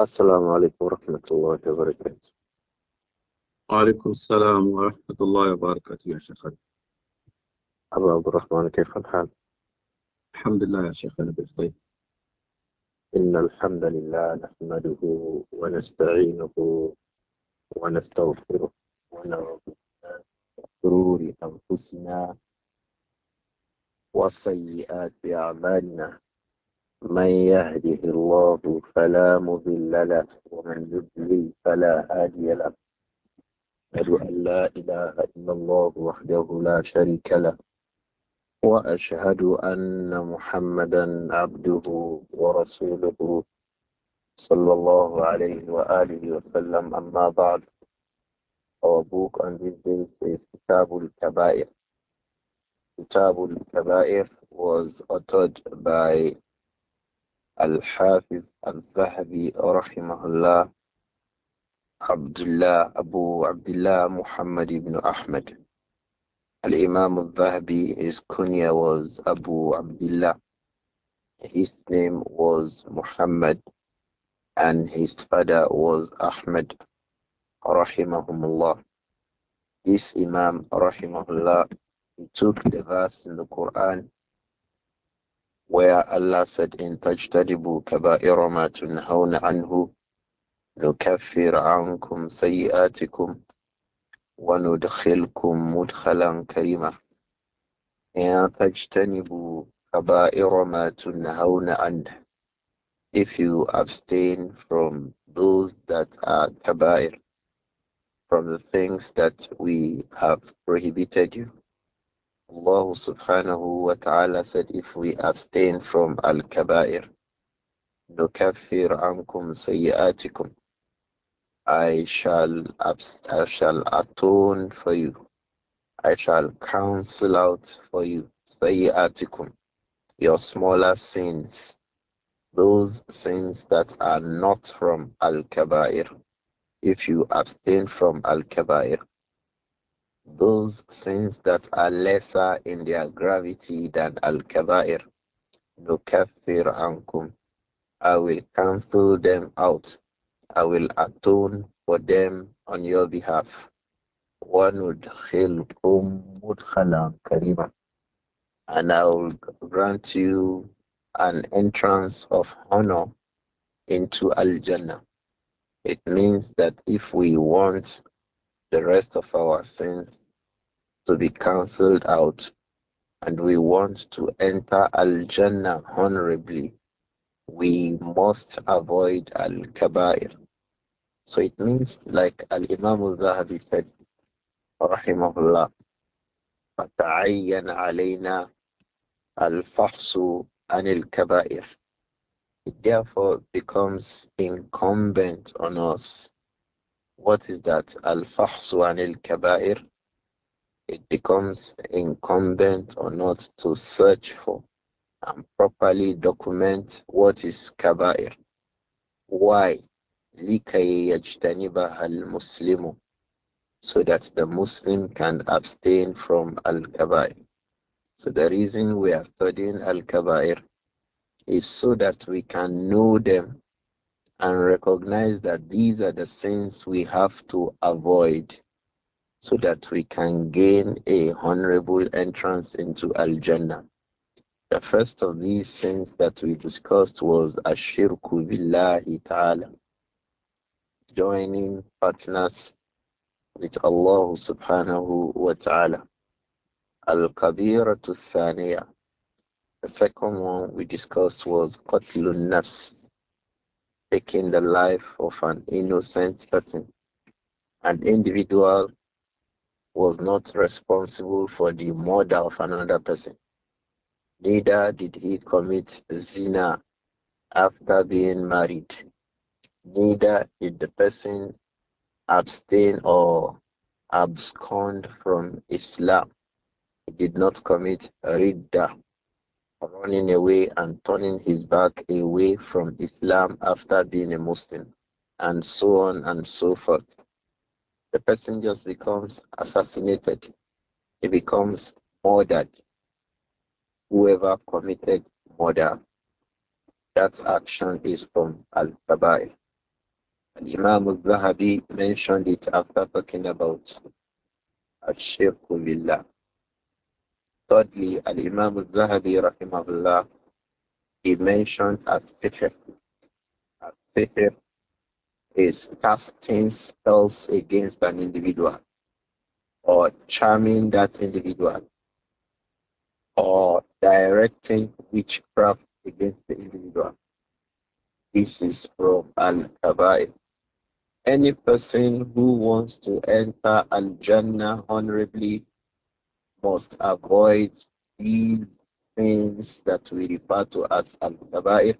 السلام عليكم ورحمة الله وبركاته وعليكم السلام ورحمة الله وبركاته يا شيخنا أبا عبد الرحمن كيف الحال؟ الحمد لله يا شيخنا بخير طيب. إن الحمد لله نحمده ونستعينه ونستغفره ونعوذ بالله من شرور أنفسنا وسيئات أعمالنا من يهده الله فلا مضل له ومن يضلل فلا هادي له أشهد أن لا إله إلا الله وحده لا شريك له وأشهد أن محمدا عبده ورسوله صلى الله عليه وآله وسلم أما بعد Our book on this day is Kitabul Kabair. Kitabul Kabair was authored by Al-Hafiz Al-Zahabi rahimahullah Abdullah Abu Abdullah Muhammad ibn Ahmad. Al-Imam Al-Zahabi, his kunya was Abu Abdullah. His name was Muhammad and his father was Ahmad rahimahumullah. This Imam rahimahullah he took the verse in the Quran where Allah said in Tajtadibu kaba'ira ma tunhawna anhu nukaffir ankum sayi'atikum wa nudkhilkum mudkhalan karima in Tajtanibu kaba'ira ma tunhawna anhu if you abstain from those that are kaba'ir from the things that we have prohibited you Allah subhanahu wa ta'ala said, if we abstain from al kabair, nukaffir ankum sayyatikum. I shall, I shall atone for you. I shall counsel out for you sayyatikum, your smaller sins, those sins that are not from al kabair. If you abstain from al kabair, those sins that are lesser in their gravity than al-kaba'ir. Nukafir ankum. I will cancel them out. I will atone for them on your behalf. One would وَنُدْخِلْكُمْ مُدْخَلًا كَرِيمًا And I will grant you an entrance of honor into Al-Jannah. It means that if we want the rest of our sins to be cancelled out and we want to enter Al Jannah honorably, we must avoid Al Kabair. So it means, like Al Imam al Zahabi said, Rahimahullah, فتعين علينا الفحص Anil الكبائر. It therefore becomes incumbent on us what is that? Al fahsu anil kabair. It becomes incumbent or not to search for and properly document what is kabair. Why? لِكَيْ al-Muslimu, So that the Muslim can abstain from al-kabair. So the reason we are studying al-kabair is so that we can know them and recognize that these are the sins we have to avoid so that we can gain a honorable entrance into Al Jannah. The first of these sins that we discussed was Ashirku Billahi Ta'ala, joining partners with Allah subhanahu wa ta'ala. Al Kabiratu Thaniya. The second one we discussed was Qatlun Nafs, taking the life of an innocent person. An individual was not responsible for the murder of another person. Neither did he commit zina after being married. Neither did the person abstain or abscond from Islam. He did not commit ridda running away and turning his back away from Islam after being a Muslim, and so on and so forth. The person just becomes assassinated, he becomes murdered. Whoever committed murder, that action is from Al Kabair. And Imam al Zahabi mentioned it after talking about Al Shirk Billah thirdly, Al Imam al Zahabi, rahimahullah, he mentioned as sihr. As sihr is casting spells against an individual or charming that individual or directing witchcraft against the individual. This is from Al Kaba'i. Any person who wants to enter Al Jannah honorably must avoid these things that we refer to as al kaba'ir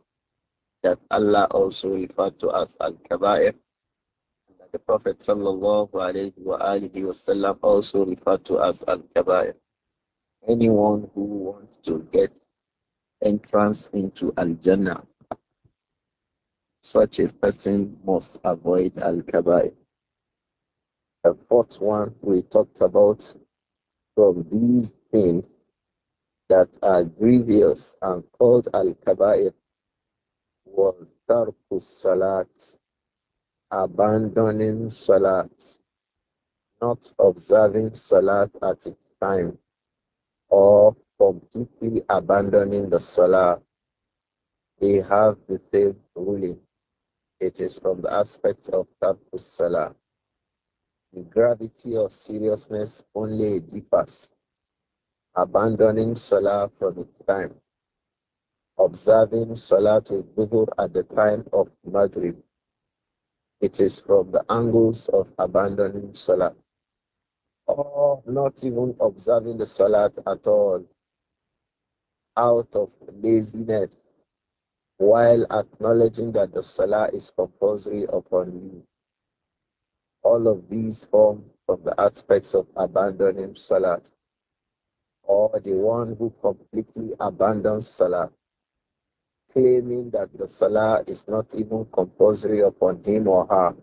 that Allah also referred to as al kaba'ir the Prophet sallallahu alaihi wasallam also referred to as al kaba'ir anyone who wants to get entrance into al jannah such a person must avoid al kaba'ir the fourth one we talked about from these things that are grievous and called al-kaba'ir was tarku salat, abandoning salat, not observing salat at its time, or completely abandoning the salah. They have the same ruling. It is from the aspects of tarku salat. The gravity of seriousness only deepens. Abandoning Salah from its time. Observing Salah to Dhuhr at the time of Maghrib. It is from the angles of abandoning Salah. Or not even observing the Salah at all out of laziness while acknowledging that the Salah is compulsory upon you. All of these form from the aspects of abandoning Salat. Or the one who completely abandons Salah, claiming that the Salah is not even compulsory upon him or her.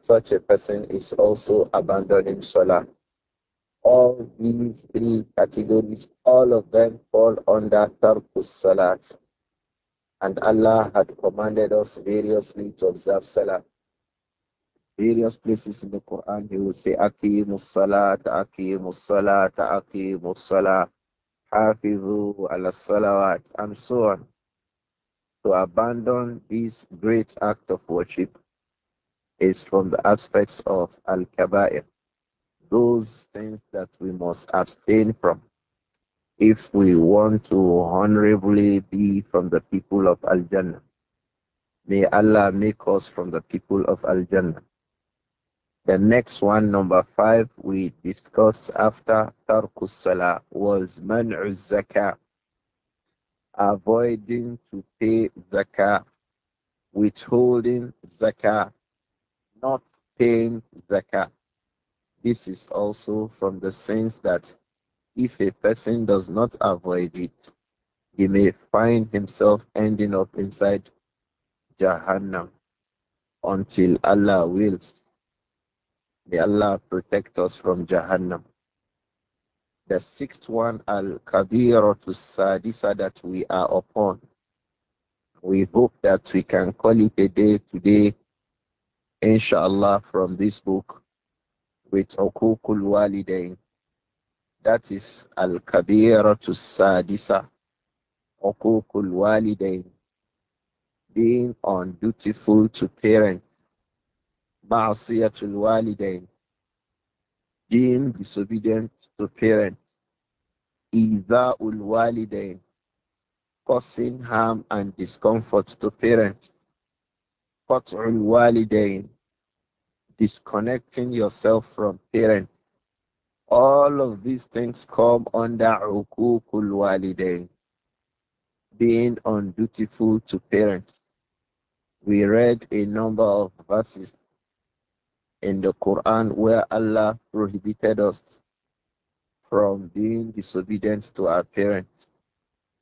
Such a person is also abandoning Salah. All these three categories, all of them fall under Tarkus Salat. And Allah had commanded us variously to observe Salah various places in the Quran, he will say, Akimus Salat, Akimus Salat, Akimus Salat, Hafidhu ala Salawat, and so on. To abandon this great act of worship is from the aspects of Al Kaba'ir, those things that we must abstain from if we want to honorably be from the people of Al Jannah. May Allah make us from the people of Al Jannah. The next one, number five, we discussed after Tarkus Salah was Man'u Zakah, avoiding to pay Zakah, withholding Zakah, not paying Zakah. This is also from the sense that if a person does not avoid it, he may find himself ending up inside Jahannam until Allah wills May Allah protect us from Jahannam. The sixth one, Al Kabiratu Sadisa, that we are upon. We hope that we can call it a day today, inshallah, from this book with Okukul Walidain. That is Al Kabiratu Sadisa, Okukul Walidain, being undutiful to parents Ma'asiyatul walidain. Being disobedient to parents. Idha'ul walidain. Causing harm and discomfort to parents. Qat'ul walidain. Disconnecting yourself from parents. All of these things come under uqukul walidain. Being undutiful to parents. We read a number of verses in the Quran where Allah prohibited us from being disobedient to our parents.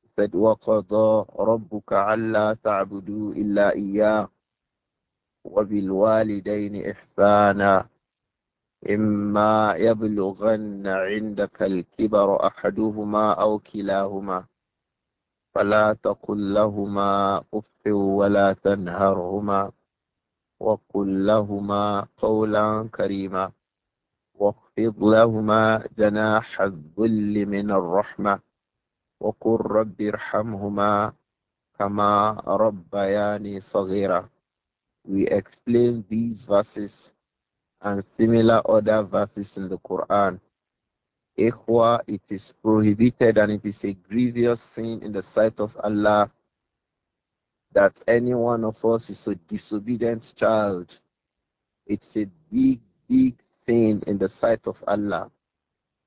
He said, وَقَضَى رَبُّكَ عَلَّا تَعْبُدُوا إِلَّا إِيَّاهُ وَبِالْوَالِدَيْنِ إِحْسَانًا إِمَّا يَبْلُغَنَّ عِندَكَ الْكِبَرُ أَحَدُهُمَا أَوْ كِلَاهُمَا فَلَا تَقُل لَّهُمَا أُفٍّ وَلَا تَنْهَرْهُمَا وقل لهما قولا كريما واخفض لهما جناح الذل من الرحمة وقل رب ارحمهما كما ربياني صغيرا We explain these verses and similar other verses in the Quran. Ikhwa, it is prohibited and it is a grievous sin in the sight of Allah that any one of us is a disobedient child. It's a big, big thing in the sight of Allah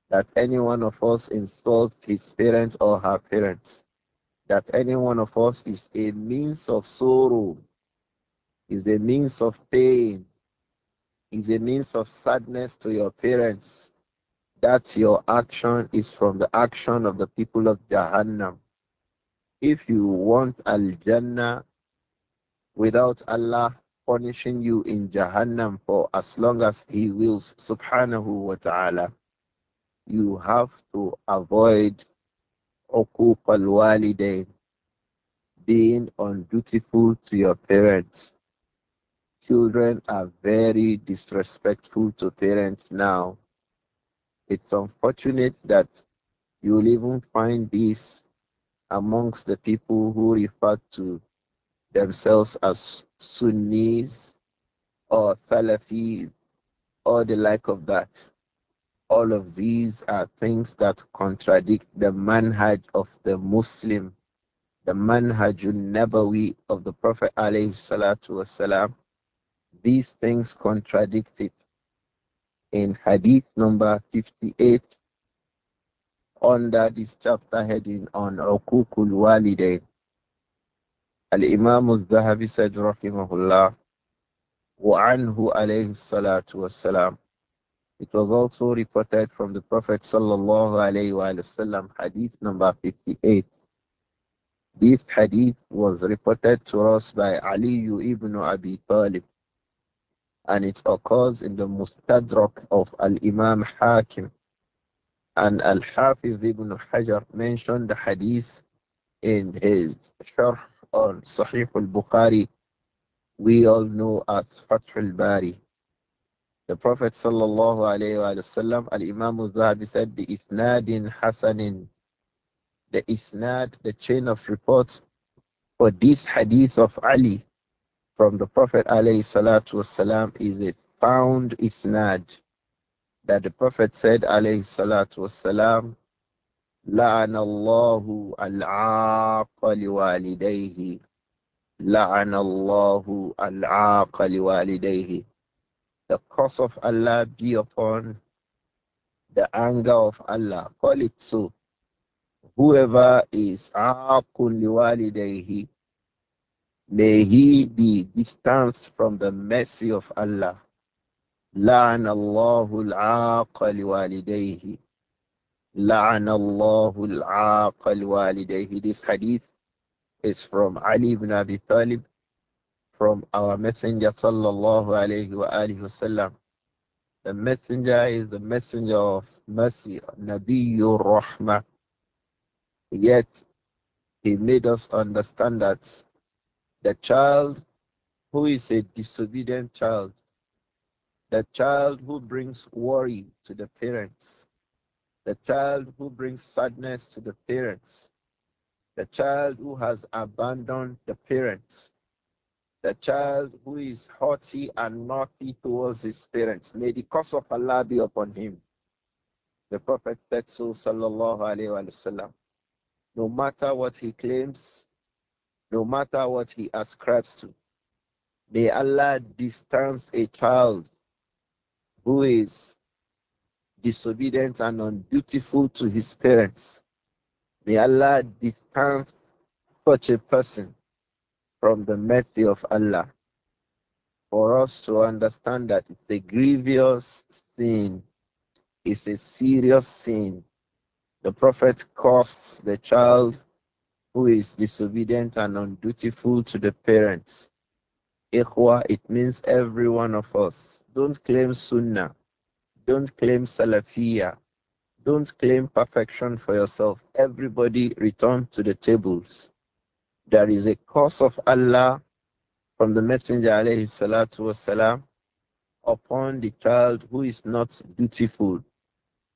that any one of us insults his parents or her parents, that any one of us is a means of sorrow, is a means of pain, is a means of sadness to your parents. That your action is from the action of the people of Jahannam. If you want Al Jannah without Allah punishing you in Jahannam for as long as He wills, subhanahu wa ta'ala, you have to avoid uquq al walidain, being undutiful to your parents. Children are very disrespectful to parents now. It's unfortunate that you'll even find this amongst the people who refer to themselves as Sunnis or Salafis or the like of that. All of these are things that contradict the manhaj of the Muslim, the manhajun nabawi of the Prophet alayhi salatu wasalam. These things contradict it. In hadith number 58 under this chapter heading on Ukukul Walidain. Al-Imam al-Zahabi said, Rahimahullah, anhu alayhi salatu والسلام. It was also reported from the Prophet sallallahu alayhi sallam, hadith number 58. This hadith was reported to us by Ali ibn Abi Talib and it occurs in the Mustadrak of Al-Imam Hakim and Al Hafiz ibn Hajar mentioned the hadith in his Sharh on Sahih al Bukhari. We all know as Fath al Bari. The Prophet sallallahu alayhi wa sallam, Al Imam al Zahabi said, The Isnadin Hasanin, the Isnad, the chain of reports for this hadith of Ali from the Prophet alayhi salatu is a sound Isnad that the Prophet said, alayhi salatu wasalam, لعن الله العاق لوالديه لعن al العاق walidayhi." The curse of Allah be upon the anger of Allah. Call it so. Whoever is عاقٌ لوالديه May he be distanced from the mercy of Allah. لعن الله العاق لوالديه لعن الله العاق لوالديه This hadith is from Ali ibn Abi Talib from our messenger sallallahu alayhi wa alihi wasallam. The messenger is the messenger of mercy, Nabiyur Rāḥma. Yet he made us understand that the child who is a disobedient child the child who brings worry to the parents, the child who brings sadness to the parents, the child who has abandoned the parents, the child who is haughty and naughty towards his parents. May the curse of Allah be upon him. The Prophet said so, sallallahu alayhi wa sallam. No matter what he claims, no matter what he ascribes to, may Allah distance a child who is disobedient and undutiful to his parents. May Allah distance such a person from the mercy of Allah. For us to understand that it's a grievous sin, it's a serious sin. The Prophet costs the child who is disobedient and undutiful to the parents. Ikhwa, it means every one of us. Don't claim Sunnah. Don't claim Salafiyah. Don't claim perfection for yourself. Everybody return to the tables. There is a curse of Allah from the Messenger alayhi salatu wasalam upon the child who is not dutiful.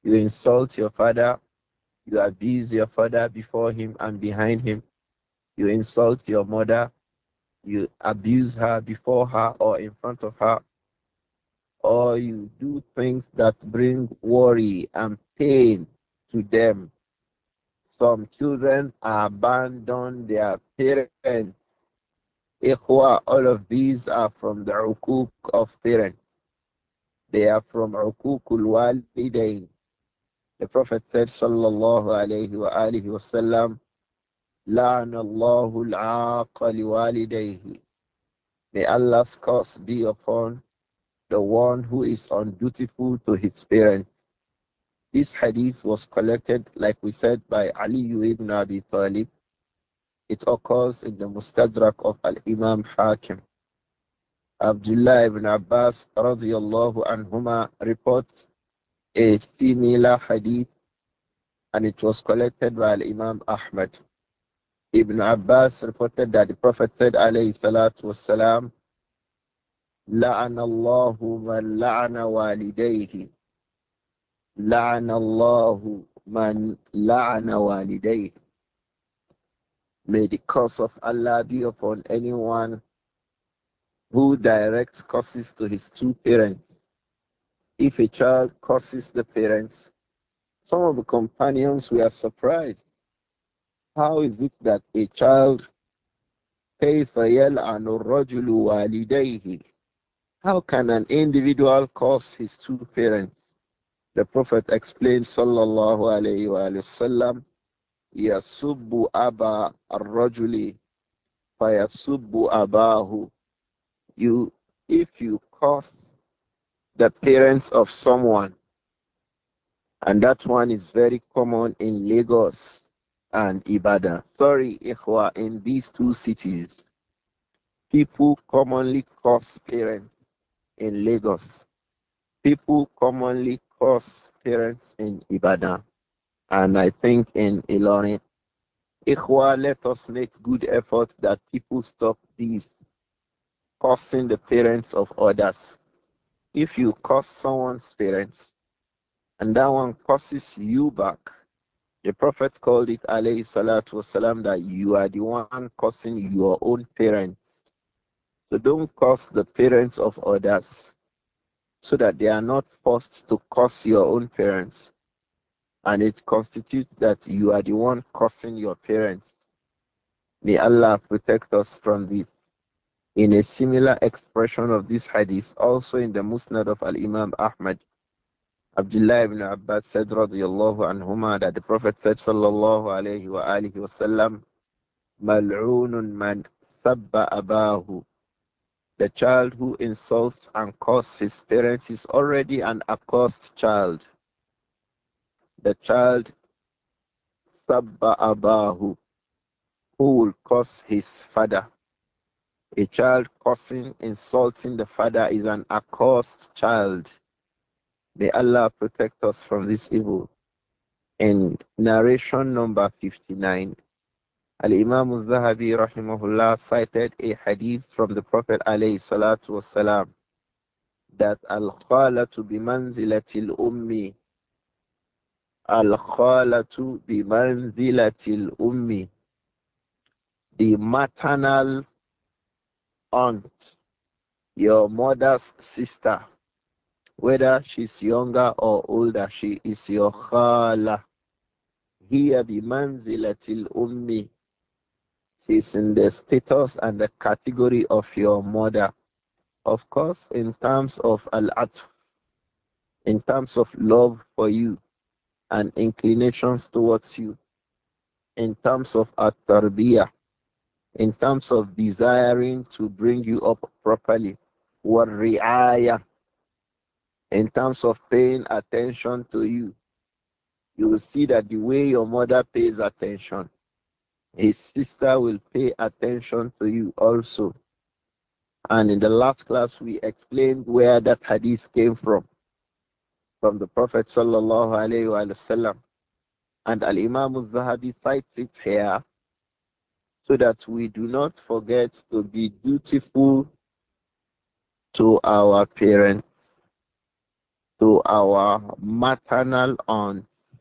You insult your father, you abuse your father before him and behind him. You insult your mother, you abuse her before her or in front of her, or you do things that bring worry and pain to them. Some children abandon their parents. Ikhwa, all of these are from the ukuk of parents. They are from ukukul walidain. The Prophet said, sallallahu alayhi wa wasallam, لعن الله العاق لوالديه May Allah's curse be upon the one who is undutiful to his parents. This hadith was collected, like we said, by Ali ibn Abi Talib. It occurs in the Mustadrak of Al Imam Hakim. Abdullah ibn Abbas radiallahu anhuma reports a similar hadith and it was collected by Imam Ahmad. Ibn Abbas reported that the Prophet said, alayhi salatu wassalam, لعن الله من لعن والديه لعن man من لعن والديه May the curse of Allah be upon anyone who directs curses to his two parents. If a child curses the parents, some of the companions were surprised how is it that a child كيف يلعن الرجل والديه How can an individual curse his two parents? The Prophet explained sallallahu alayhi wa sallam يَسُبُّ أَبَا الرَّجُلِ abahu. You, if you curse the parents of someone, and that one is very common in Lagos and Ibadan. Sorry, Ikhwa, in these two cities, people commonly curse parents in Lagos. People commonly curse parents in Ibadan. And I think in Ilorin. Ikhwa, let us make good efforts that people stop these cursing the parents of others. If you curse someone's parents and that one curses you back, the Prophet called it alayhi salatu wasalam that you are the one cursing your own parents. So don't curse the parents of others so that they are not forced to curse your own parents. And it constitutes that you are the one cursing your parents. May Allah protect us from this. In a similar expression of this hadith, also in the Musnad of Al Imam Ahmad, Abdullah ibn Abbas said radiyallahu anhuma that the Prophet said sallallahu alayhi wa alihi wasallam mal'unun man sabba abahu the child who insults and curses his parents is already an accursed child the child sabba abahu who will curse his father a child cursing insulting the father is an accursed child May Allah protect us from this evil. And narration number 59, Al-Imam al-Zahabi rahimahullah cited a hadith from the Prophet alayhi salatu wasalam that al-khalatu bimanzilatil ummi al-khalatu bimanzilatil ummi the maternal aunt your mother's sister whether she's younger or older, she is your khala. Here bimanzilatil ummi. She's in the status and the category of your mother. Of course, in terms of al in terms of love for you and inclinations towards you, in terms of at in terms of desiring to bring you up properly, wa in terms of paying attention to you. You will see that the way your mother pays attention, his sister will pay attention to you also. And in the last class, we explained where that hadith came from, from the Prophet sallallahu alaihi wasallam, and Al Imam al Zahabi cites it here, so that we do not forget to be dutiful to our parents to our maternal aunts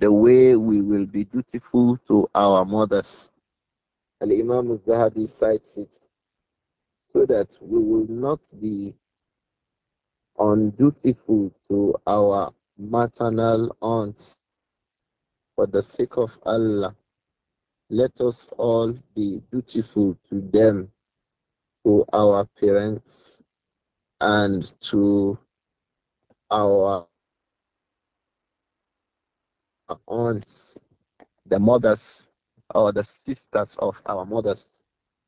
the way we will be dutiful to our mothers. And Imam al Zahabi cites it so that we will not be undutiful to our maternal aunts. For the sake of Allah, let us all be dutiful to them, to our parents, and to our uh, aunts, the mothers, or the sisters of our mothers.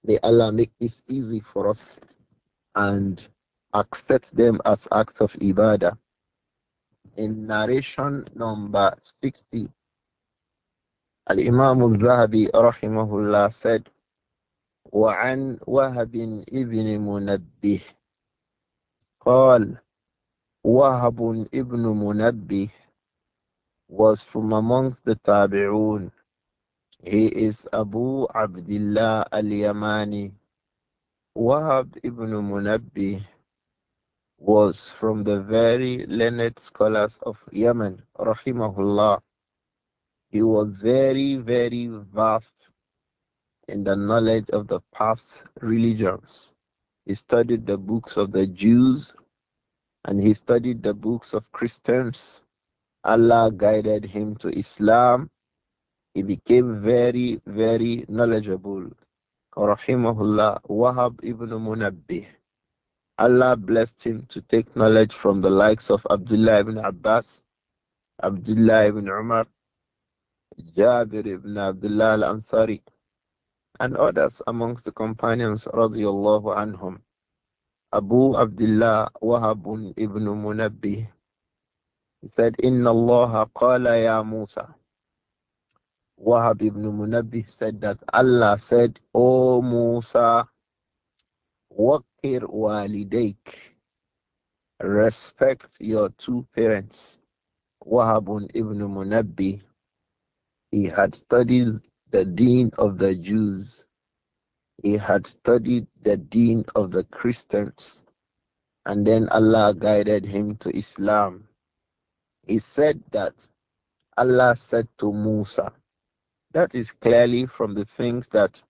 May Allah make this easy for us and accept them as acts of ibadah. In narration number 60, Al Imam al Zahabi rahimahullah said, وعن وهب ابن منبه قال Wahab ibn Munabbih was from amongst the Tabi'un. He is Abu Abdullah al-Yamani. Wahab ibn Munabbih was from the very learned scholars of Yemen, rahimahullah. He was very, very vast in the knowledge of the past religions. He studied the books of the Jews and he studied the books of Christians. Allah guided him to Islam. He became very, very knowledgeable. Rahimahullah, Wahab ibn Munabbih. Allah blessed him to take knowledge from the likes of Abdullah ibn Abbas, Abdullah ibn Umar, Jabir ibn Abdullah al Ansari, and others amongst the companions, radiallahu anhum. Abu Abdullah Wahab ibn Munabbi. He said, Inna Allah qala ya Musa. Wahab ibn Munabbi said that Allah said, O Musa, waqir walidayk. Respect your two parents. Wahab ibn Munabbi. He had studied the deen of the Jews he had studied the deen of the Christians and then Allah guided him to Islam. He said that Allah said to Musa, that is clearly from the things that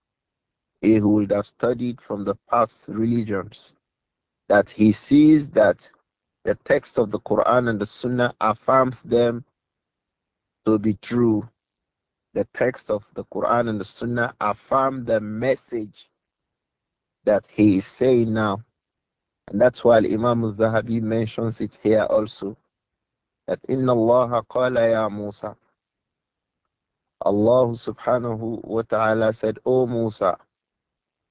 he would have studied from the past religions, that he sees that the text of the Quran and the Sunnah affirms them to be true the text of the Quran and the Sunnah affirm the message that he is saying now. And that's why Imam al Zahabi mentions it here also. That Inna Allah qala ya Musa. Allah subhanahu wa ta'ala said, O Musa,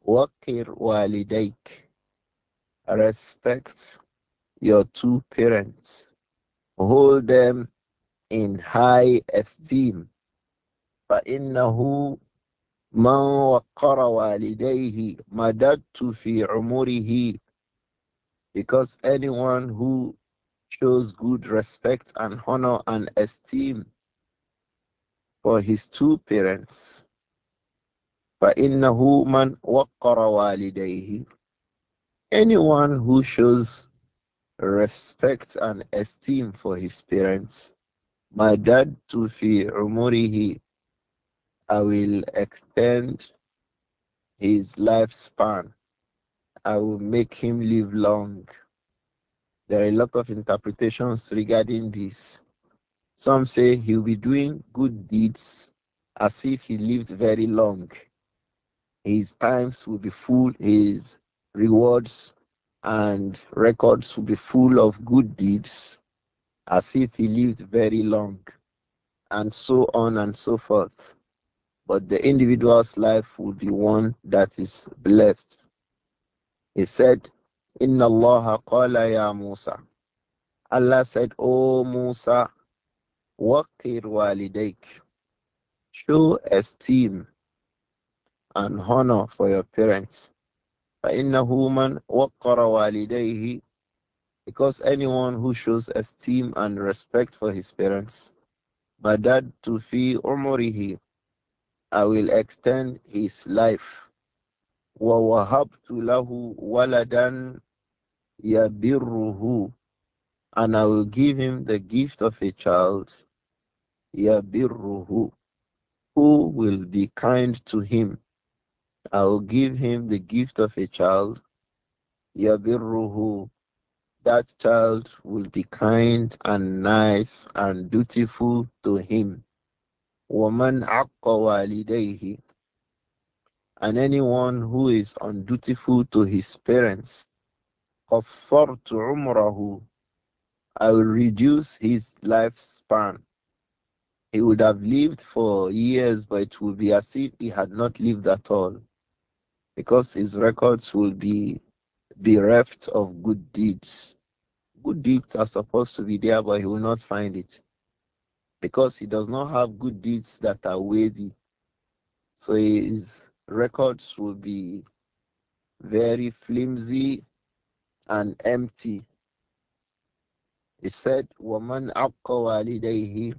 waqir walidaik. Respect your two parents. Hold them in high esteem فإنه من وقر والديه مددت في عمره because anyone who shows good respect and honor and esteem for his two parents فإنه من وقر والديه anyone who shows respect and esteem for his parents to fi umurihi. I will extend his lifespan. I will make him live long. There are a lot of interpretations regarding this. Some say he'll be doing good deeds as if he lived very long. His times will be full, his rewards and records will be full of good deeds as if he lived very long, and so on and so forth but the individual's life will be one that is blessed. He said, Inna Allah qala ya Musa. Allah said, O Musa, waqir walidaik. Show esteem and honor for your parents. inna human وَقَّرَ وَالِدَيْهِ Because anyone who shows esteem and respect for his parents, badad tufi umurihi." I will extend his life. وَوَهَبْتُ لَهُ ya birruhu, And I will give him the gift of a child, birruhu, Who will be kind to him. I will give him the gift of a child, birruhu, That child will be kind and nice and dutiful to him. Woman, عَقَّ وَالِدَيْهِ And anyone who is undutiful to his parents, to umrahu, I will reduce his lifespan. He would have lived for years, but it would be as if he had not lived at all, because his records will be bereft of good deeds. Good deeds are supposed to be there, but he will not find it because he does not have good deeds that are worthy. So his records will be very flimsy and empty. It said, Woman walidayhi.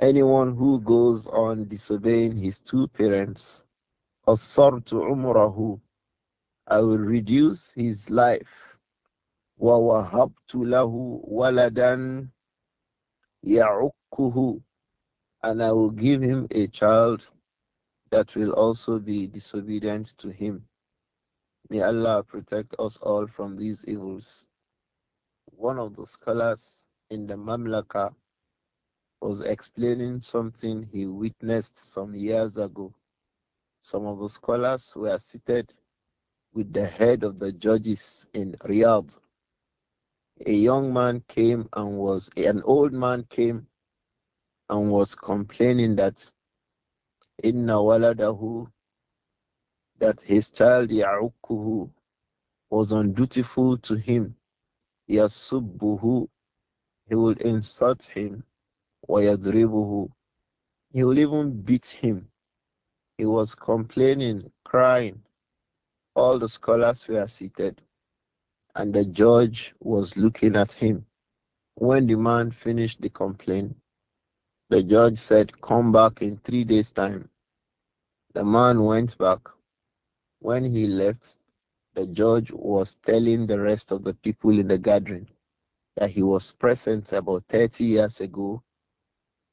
Anyone who goes on disobeying his two parents, to umrahu. I will reduce his life. وَوَهَبْتُ لَهُ وَلَدًا Ya'ukuhu. And I will give him a child that will also be disobedient to him. May Allah protect us all from these evils. One of the scholars in the Mamlaka was explaining something he witnessed some years ago. Some of the scholars were seated with the head of the judges in Riyadh a young man came and was, an old man came and was complaining that in nawaladahu that his child Ya'ukuhu was undutiful to him. Yasubbuhu, he would insult him. Wayadribuhu, he would even beat him. He was complaining, crying. All the scholars were seated and the judge was looking at him. When the man finished the complaint, the judge said, Come back in three days' time. The man went back. When he left, the judge was telling the rest of the people in the gathering that he was present about 30 years ago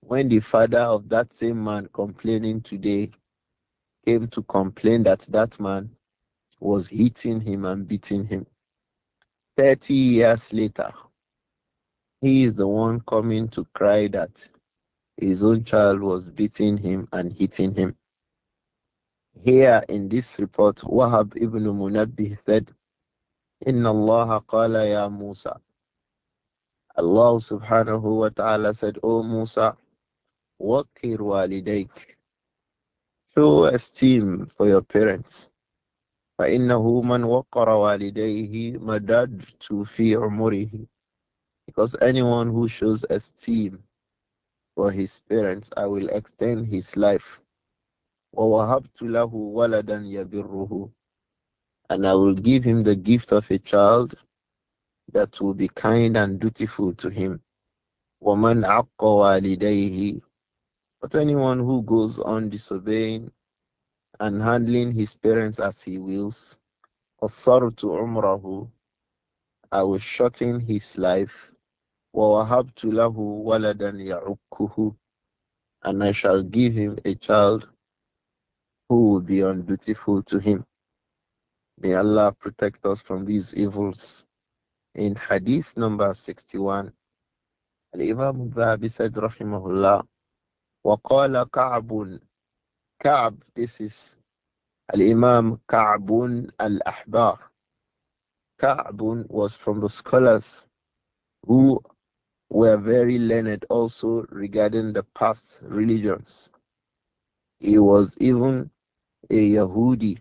when the father of that same man complaining today came to complain that that man was hitting him and beating him. 30 years later, he is the one coming to cry that his own child was beating him and hitting him. Here in this report, Wahab ibn Munabbih said, Inna Allah qala ya Musa. Allah subhanahu wa ta'ala said, O oh Musa, waqir walidayk. Show esteem for your parents. فإنه من وقر والديه مددت في عمره because anyone who shows esteem for his parents, I will extend his life. وَوَهَبْتُ لَهُ وَلَدًا يَبِرُّهُ And I will give him the gift of a child that will be kind and dutiful to him. وَمَنْ عَقَّ وَالِدَيْهِ But anyone who goes on disobeying and handling his parents as he wills, to Umrahu, I will shorten his life ووهبت له ولدا يعكه and I shall give him a child who will be undutiful to him. May Allah protect us from these evils. In Hadith number 61, Al-Imam al said, رحمه وقال كعب Ka'b, this is Al-Imam Ka'bun al-Ahbar. Ka'bun was from the scholars who were very learned also regarding the past religions. He was even a Yahudi.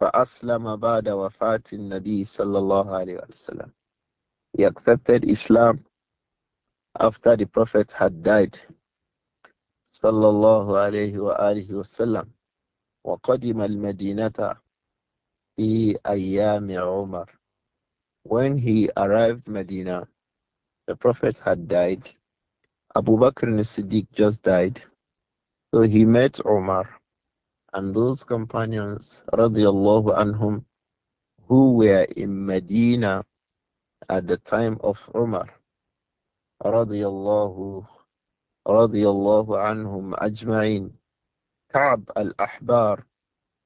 فأسلم بعد وفاة النبي صلى الله عليه وسلم. He accepted Islam after the Prophet had died صلى الله عليه وآله وسلم وقدم المدينة في أيام عمر when he arrived Medina the prophet had died Abu Bakr as-Siddiq just died so he met Umar and those companions radiallahu anhum who were in Medina at the time of Umar radiyallahu رضي الله عنهم أجمعين Ka'b al-Ahbar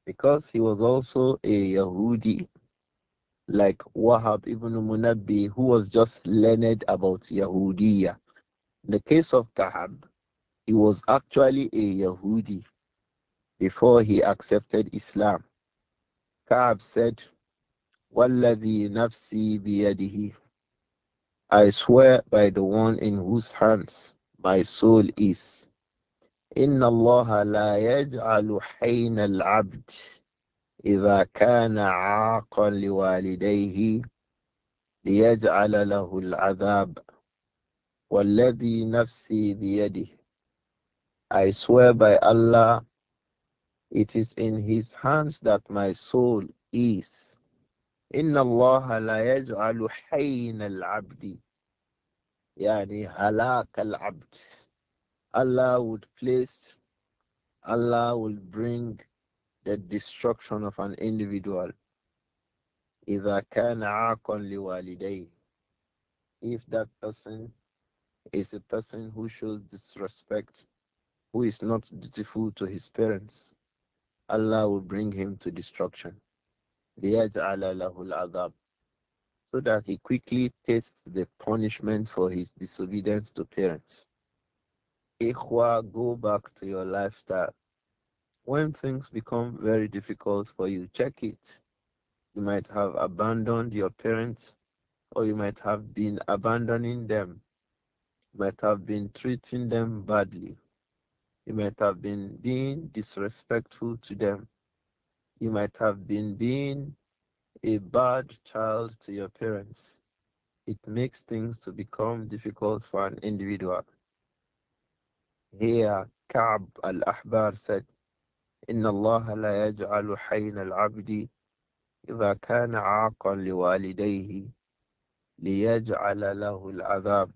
because he was also a Yahudi like Wahab ibn Munabbi who was just learned about Yahudiya. In the case of Kaab, he was actually a Yahudi before he accepted Islam. Kaab said, وَالَّذِي نَفْسِي بِيَدِهِ I swear by the one in whose hands my soul is. إن الله لا يجعل حين العبد إذا كان عاقا لوالديه ليجعل له العذاب والذي نفسي بيده I swear by Allah it is in his hands that my soul is إن الله لا يجعل حين العبد yani halak al abd allah would place allah will bring the destruction of an individual if that person is a person who shows disrespect who is not dutiful to his parents Allah will bring him to destruction ليجعل له العذاب so that he quickly tastes the punishment for his disobedience to parents. Ikhwa, go back to your lifestyle. When things become very difficult for you, check it. You might have abandoned your parents, or you might have been abandoning them. You might have been treating them badly. You might have been being disrespectful to them. You might have been being a bad child to your parents, it makes things to become difficult for an individual. Here, Ka'b al-Ahbar said, إن الله لا يجعل حين العبد إذا كان عاقا لوالديه ليجعل له العذاب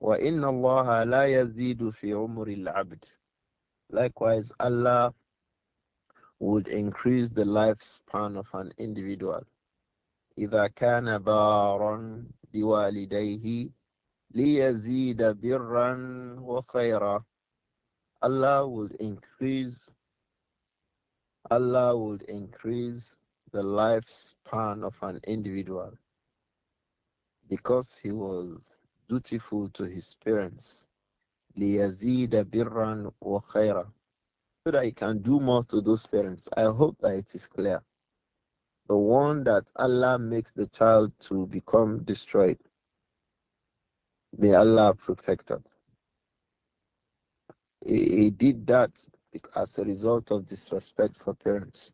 وإن الله لا يزيد في عمر العبد Likewise, Allah would increase the lifespan of an individual. إذا كان بارا بوالديه ليزيد برا وخيرا Allah would increase Allah would increase the lifespan of an individual because he was dutiful to his parents. ليزيد برا وخيرا so that he can do more to those parents. I hope that it is clear. The one that Allah makes the child to become destroyed. May Allah protect him. He, he did that as a result of disrespect for parents.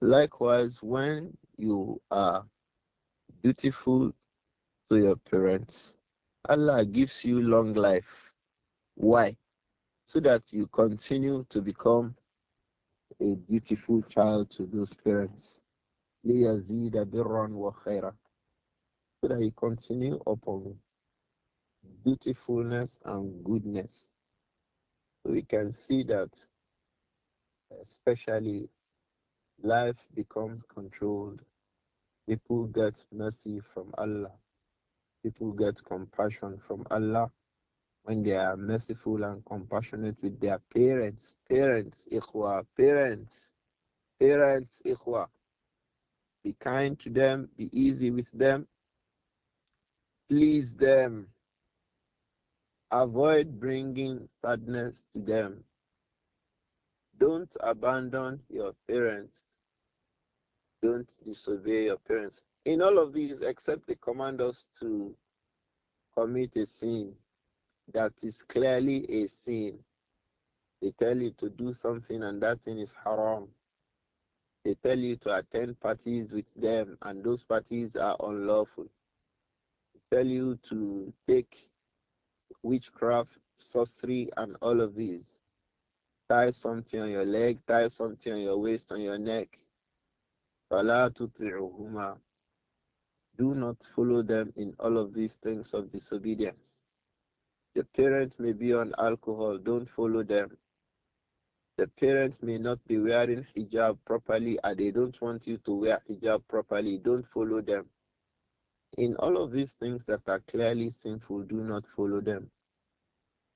Likewise, when you are dutiful to your parents, Allah gives you long life. Why? so that you continue to become a beautiful child to those parents. So that you continue upon beautifulness and goodness. So we can see that, especially, life becomes controlled. People get mercy from Allah. People get compassion from Allah when they are merciful and compassionate with their parents, parents, ikhwa, parents, parents, ikhwa. Be kind to them, be easy with them, please them, avoid bringing sadness to them. Don't abandon your parents. Don't disobey your parents. In all of these, except they command us to commit a sin, that is clearly a sin. They tell you to do something and that thing is haram. They tell you to attend parties with them and those parties are unlawful. They tell you to take witchcraft, sorcery, and all of these. Tie something on your leg, tie something on your waist, on your neck. Do not follow them in all of these things of disobedience. The parents may be on alcohol, don't follow them. The parents may not be wearing hijab properly and they don't want you to wear hijab properly, don't follow them. In all of these things that are clearly sinful, do not follow them.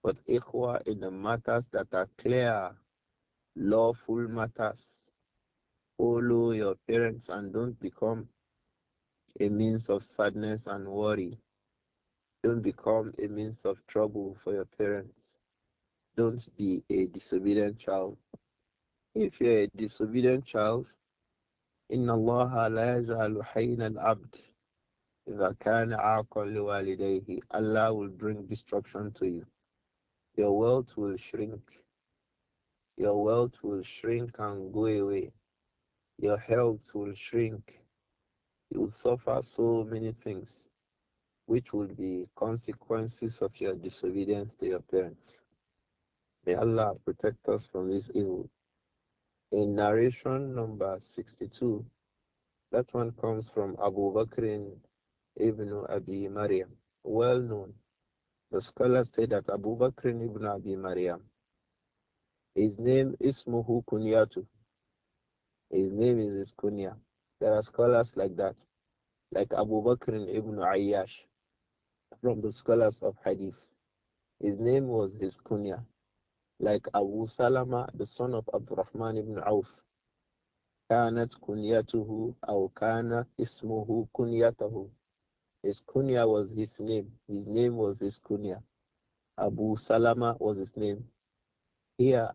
But ikhwa in the matters that are clear, lawful matters, follow your parents and don't become a means of sadness and worry. Don't become a means of trouble for your parents. Don't be a disobedient child. If you're a disobedient child, in الله لا Allah will bring destruction to you. Your wealth will shrink. Your wealth will shrink and go away. Your health will shrink. You will suffer so many things which would be consequences of your disobedience to your parents. May Allah protect us from this evil. In narration number 62, that one comes from Abu Bakr ibn Abi Maryam, well known. The scholars say that Abu Bakr ibn Abi Maryam, his name is Muhu Kunyatu. His name is Iskunya. There are scholars like that, like Abu Bakr ibn Ayyash from the scholars of Hadith. His name was his kunya, like Abu Salama, the son of Abdurrahman ibn Auf. كانت كنيته أو كان اسمه كنيته his kunya was his name. His name was his kunya. Abu Salama was his name. Here,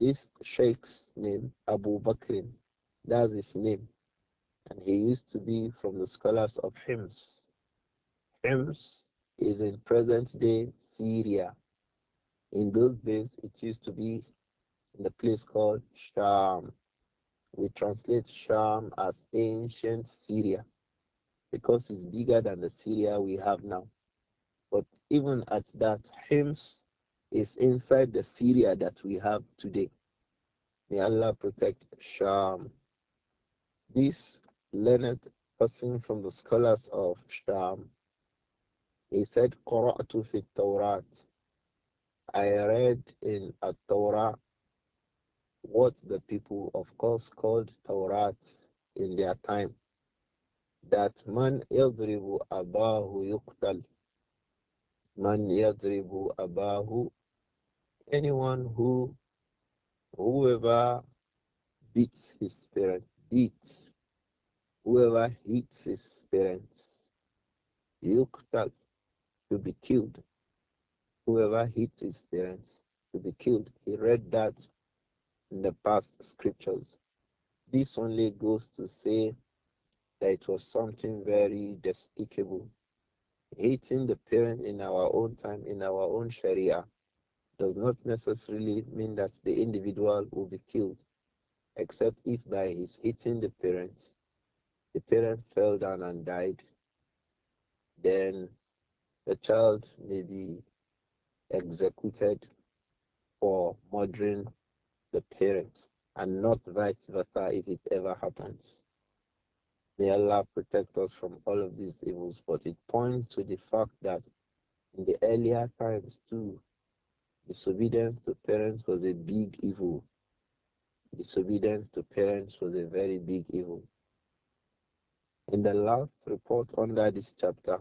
this sheikh's name, Abu Bakrin, that's his name. And he used to be from the scholars of hymns. Ems is in present day Syria. In those days, it used to be in a place called Sham. We translate Sham as ancient Syria because it's bigger than the Syria we have now. But even at that, Hims is inside the Syria that we have today. May Allah protect Sham. This learned person from the scholars of Sham he said, "Korat fi Tawrat. I read in a Torah what the people, of course, called Tawrat in their time. That man yadribu abahu yuqtal. Man yadribu abahu. Anyone who, whoever beats his parent, beats. Whoever hits his parents, yuqtal to be killed. Whoever hits his parents to be killed. He read that in the past scriptures. This only goes to say that it was something very despicable. Hating the parent in our own time, in our own Sharia, does not necessarily mean that the individual will be killed, except if by his hitting the parent, the parent fell down and died, then the child may be executed for murdering the parents and not vice versa if it ever happens. May Allah protect us from all of these evils, but it points to the fact that in the earlier times too, disobedience to parents was a big evil. Disobedience to parents was a very big evil. In the last report under this chapter,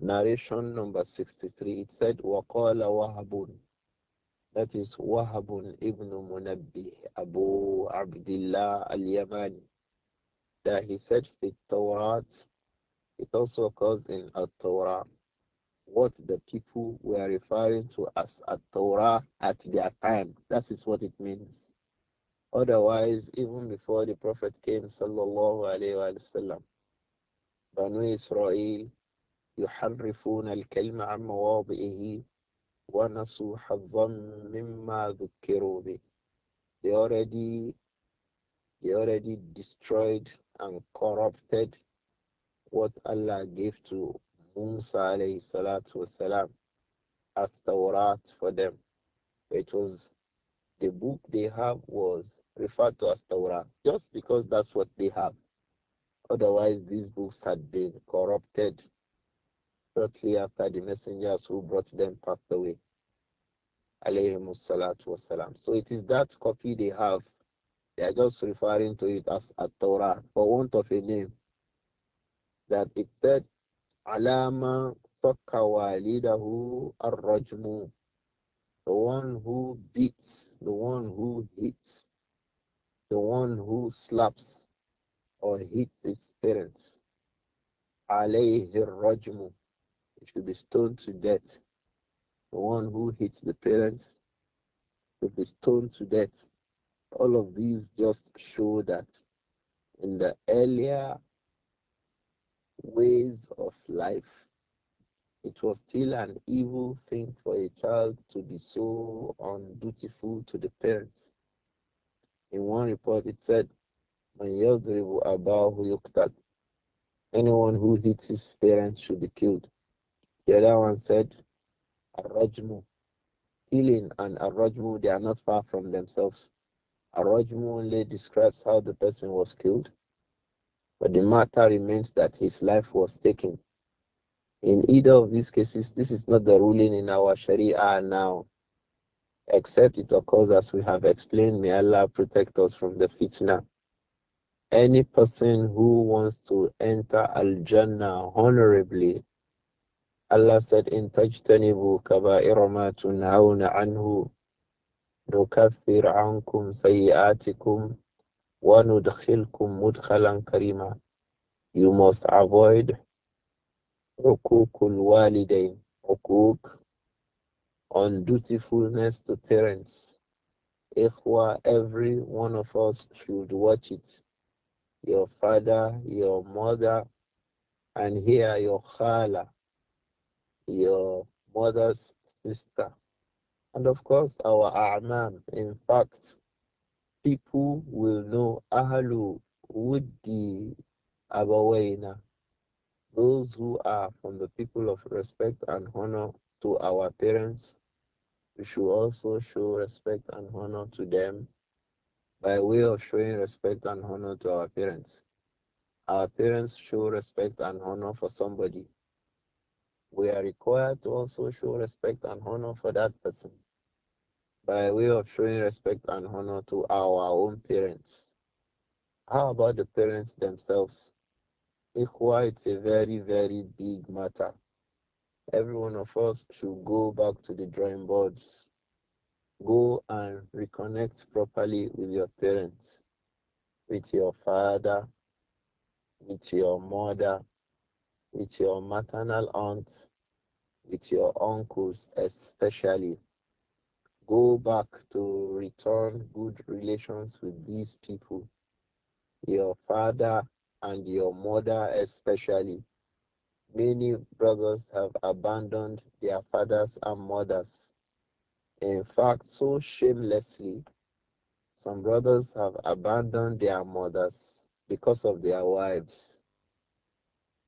Narration number 63, it said, وَقَالَ Wahabun." That is Wahabun ibn Munabbi Abu Abdullah al-Yamani. That he said, fit Tawrat, it also occurs in At-Torah. What the people were referring to as a torah at their time. That is what it means. Otherwise, even before the Prophet came, sallallahu alayhi wa sallam, Banu Israel, يحرفون الكلم عن مواضعه ونسوا حظا مما ذكروا به they already they already destroyed and corrupted what Allah gave to Musa alayhi salatu wasalam as Tawrat for them. It was the book they have was referred to as Torah just because that's what they have. Otherwise, these books had been corrupted shortly after the messengers who brought them passed away. So it is that copy they have. They are just referring to it as a Torah for want of a name. That it said, Alama Fakawalidahu Arrajmu. The one who beats, the one who hits, the one who slaps or hits his parents. Alayhi Rajmu should be stoned to death. The one who hits the parents should be stoned to death. All of these just show that in the earlier ways of life, it was still an evil thing for a child to be so undutiful to the parents. In one report, it said, Anyone who hits his parents should be killed. The other one said, Arrajmu. Healing and Arrajmu, they are not far from themselves. Arrajmu only describes how the person was killed, but the matter remains that his life was taken. In either of these cases, this is not the ruling in our Sharia now, except it occurs as we have explained. May Allah protect us from the fitna. Any person who wants to enter Al Jannah honorably Allah said, In tajtanibu kaba ma tunhauna anhu nukaffir ankum sayi'atikum wa nudkhilkum mudkhalan karima. You must avoid hukukul walidain, hukuk, undutifulness to parents. Ikhwa, every one of us should watch it. Your father, your mother, and here your khala, your mother's sister. And of course, our A'mam, in fact, people will know ahalu Wuddi Abawayna, those who are from the people of respect and honor to our parents. We should also show respect and honor to them by way of showing respect and honor to our parents. Our parents show respect and honor for somebody we are required to also show respect and honor for that person by way of showing respect and honor to our own parents. How about the parents themselves? Ikhwa, it's a very, very big matter. Every one of us should go back to the drawing boards. Go and reconnect properly with your parents, with your father, with your mother, with your maternal aunt, with your uncles especially. Go back to return good relations with these people, your father and your mother especially. Many brothers have abandoned their fathers and mothers. In fact, so shamelessly, some brothers have abandoned their mothers because of their wives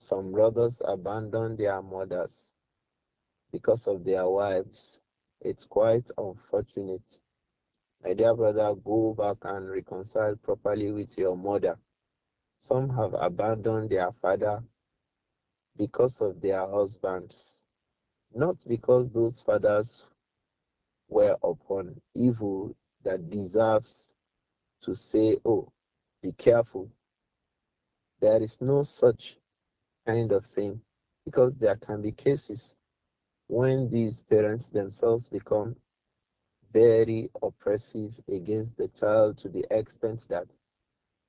some brothers abandon their mothers because of their wives. It's quite unfortunate. My dear brother, go back and reconcile properly with your mother. Some have abandoned their father because of their husbands, not because those fathers were upon evil that deserves to say, Oh, be careful. There is no such kind of thing because there can be cases when these parents themselves become very oppressive against the child to the extent that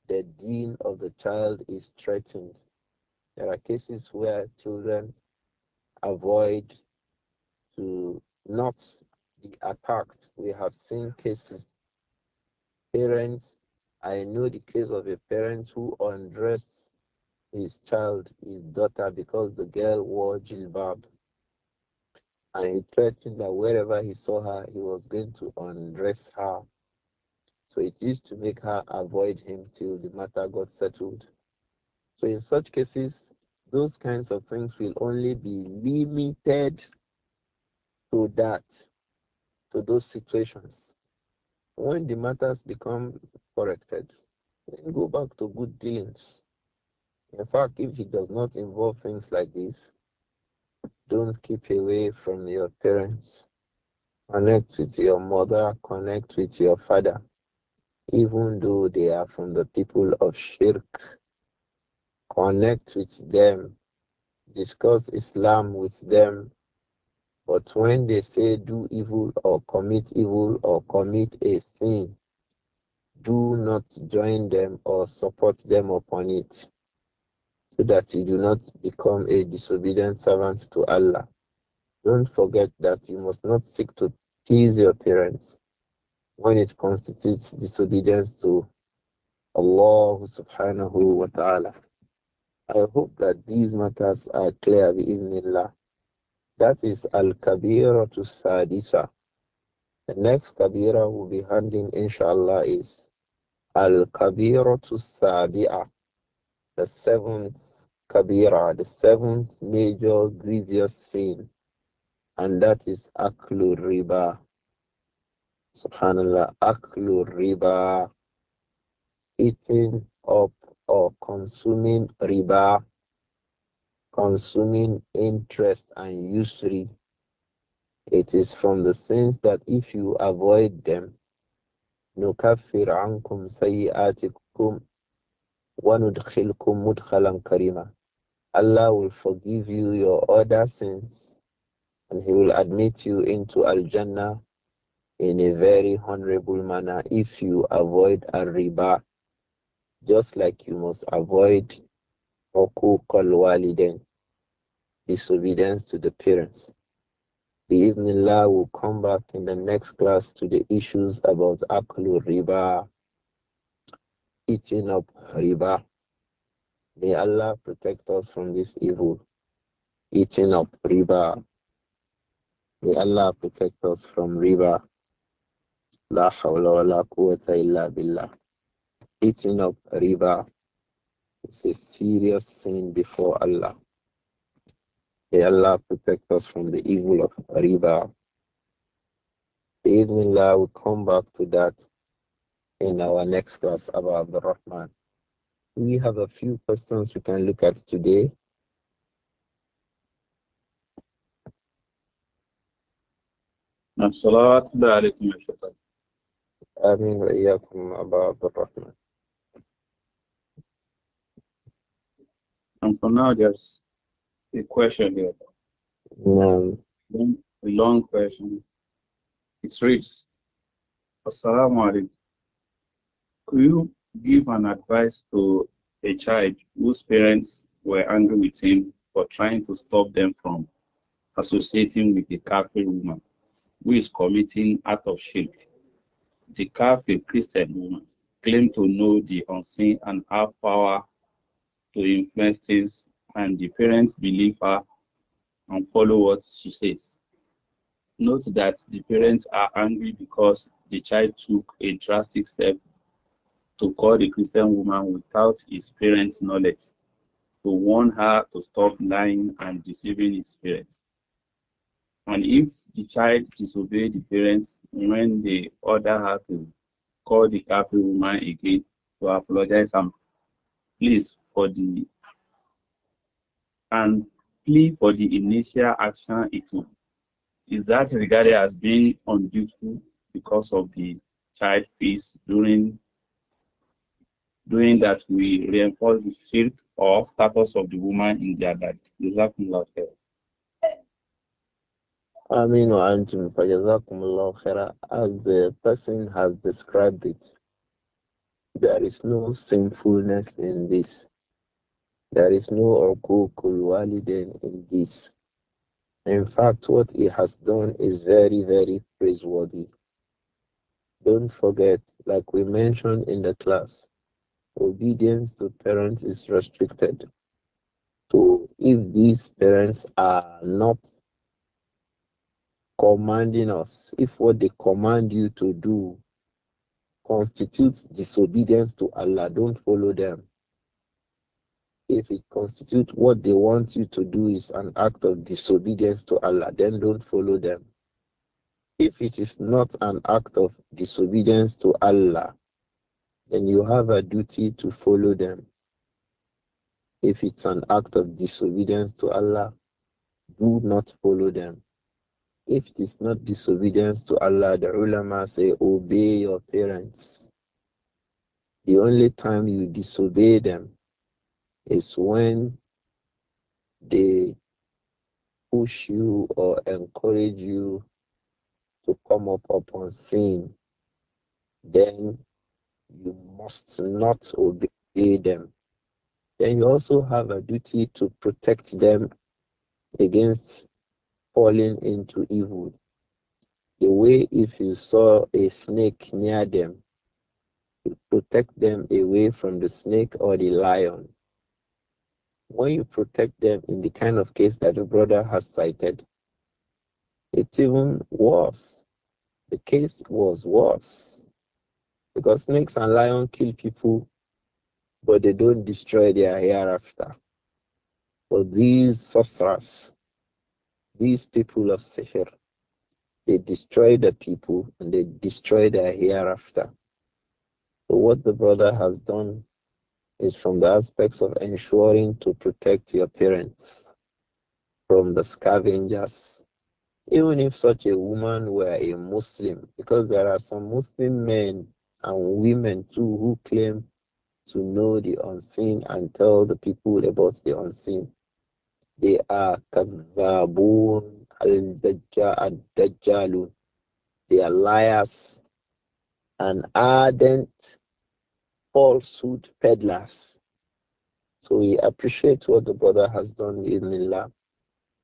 the dean of the child is threatened. There are cases where children avoid to not be attacked. We have seen cases. Parents, I know the case of a parent who undressed his child, his daughter, because the girl wore jilbab. And he threatened that wherever he saw her, he was going to undress her. So it used to make her avoid him till the matter got settled. So in such cases, those kinds of things will only be limited to that, to those situations. When the matters become corrected, then go back to good dealings. In fact, if it does not involve things like this, don't keep away from your parents. Connect with your mother, connect with your father, even though they are from the people of Shirk. Connect with them, discuss Islam with them. But when they say do evil or commit evil or commit a sin, do not join them or support them upon it so that you do not become a disobedient servant to Allah. Don't forget that you must not seek to please your parents when it constitutes disobedience to Allah subhanahu wa ta'ala. I hope that these matters are clear Allah. That is Al-Kabira to Sadisa. The next Kabira we'll be handling inshallah is Al-Kabira to Sabi'ah the seventh kabira, the seventh major grievous sin, and that is aklu riba. Subhanallah, aklu riba, eating up or consuming riba, consuming interest and usury. It is from the sins that if you avoid them, no kafir ankum سيئاتكم Allah will forgive you your other sins and He will admit you into Al Jannah in a very honorable manner if you avoid a riba, just like you must avoid hukuk al waliden, disobedience to the parents. The evening law will come back in the next class to the issues about aklu riba eating up riba. May Allah protect us from this evil, eating up riba. May Allah protect us from riba. La hawla wa la quwwata illa billah. Eating up riba is a serious sin before Allah. May Allah protect us from the evil of riba. Bismillah, we come back to that in our next class about the Rahman. We have a few questions we can look at today. And for now, there's a question here. A long question. It reads, Assalamu alaikum. Could you give an advice to a child whose parents were angry with him for trying to stop them from associating with the kafir woman who is committing act of shame? The kafir Christian woman claimed to know the unseen and have power to influence things, and the parents believe her and follow what she says. Note that the parents are angry because the child took a drastic step to call the Christian woman without his parents' knowledge, to warn her to stop lying and deceiving his parents. And if the child disobeyed the parents when they order her to call the kafir woman again to apologize and please for the and plea for the initial action it took. Is that regarded as being undutiful because of the child face during doing that we reinforce the field or status of the woman in their life. جزاكم الله Amin wa antum fajazakumullahu khaira as the person has described it. There is no sinfulness in this. There is no uqukul waliden in this. In fact, what he has done is very, very praiseworthy. Don't forget, like we mentioned in the class, obedience to parents is restricted. So if these parents are not commanding us, if what they command you to do constitutes disobedience to Allah, don't follow them. If it constitutes what they want you to do is an act of disobedience to Allah, then don't follow them. If it is not an act of disobedience to Allah, then you have a duty to follow them. If it's an act of disobedience to Allah, do not follow them. If it is not disobedience to Allah, the ulama say, obey your parents. The only time you disobey them is when they push you or encourage you to come up upon sin. Then you must not obey them. Then you also have a duty to protect them against falling into evil. The way if you saw a snake near them, you protect them away from the snake or the lion. When you protect them in the kind of case that the brother has cited, it's even worse. The case was worse because snakes and lions kill people, but they don't destroy their hereafter. But these sorcerers, these people of Sihir, they destroy the people and they destroy their hereafter. So what the brother has done is from the aspects of ensuring to protect your parents from the scavengers. Even if such a woman were a Muslim, because there are some Muslim men and women too who claim to know the unseen and tell the people about the unseen. They are and al-dajjalun. They are liars and ardent falsehood peddlers. So we appreciate what the brother has done in Lila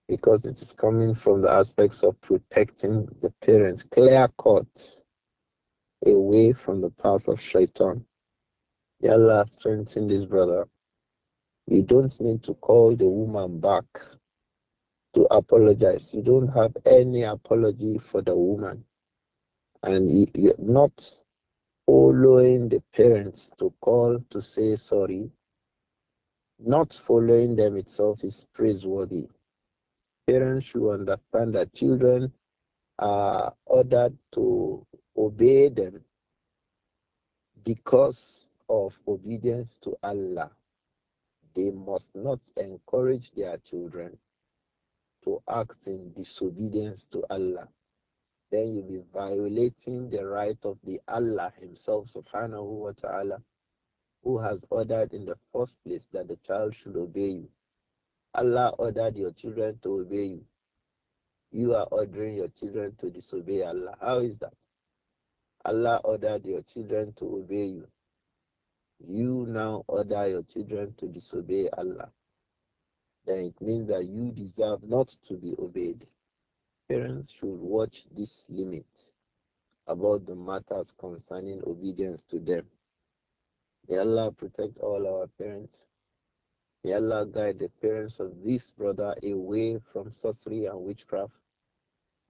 because it is coming from the aspects of protecting the parents. Clear cut away from the path of shaitan. Yallah, strengthen this brother. You don't need to call the woman back to apologize. You don't have any apology for the woman. And you're not following the parents to call to say sorry. Not following them itself is praiseworthy. Parents should understand that children are ordered to obey them because of obedience to Allah. They must not encourage their children to act in disobedience to Allah. Then you'll be violating the right of the Allah Himself, subhanahu wa ta'ala, who has ordered in the first place that the child should obey you. Allah ordered your children to obey you. You are ordering your children to disobey Allah. How is that? Allah ordered your children to obey you. You now order your children to disobey Allah. Then it means that you deserve not to be obeyed. Parents should watch this limit about the matters concerning obedience to them. May Allah protect all our parents. May Allah guide the parents of this brother away from sorcery and witchcraft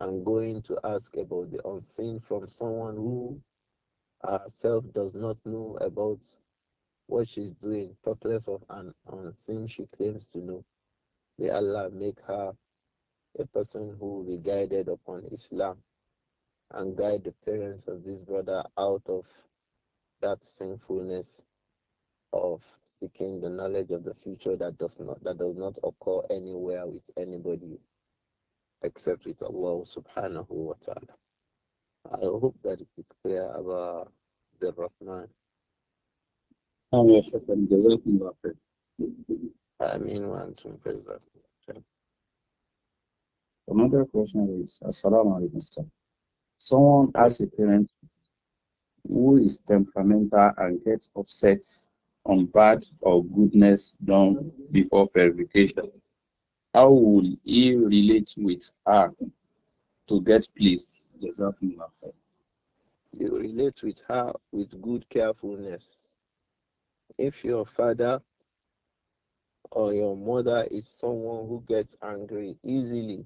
and going to ask about the unseen from someone who herself does not know about what she's doing, thoughtless of an unseen she claims to know. May Allah make her a person who will be guided upon Islam and guide the parents of this brother out of that sinfulness of seeking the knowledge of the future that does not that does not occur anywhere with anybody except with Allah subhanahu wa ta'ala. I hope that it is clear about the Rahman. Ameen wa antum Another question is Assalamu alaikum sir. Someone asks a parent who is temperamental and gets upset on bad or goodness done before verification how will he relate with her to get pleased? You relate with her with good carefulness. If your father or your mother is someone who gets angry easily,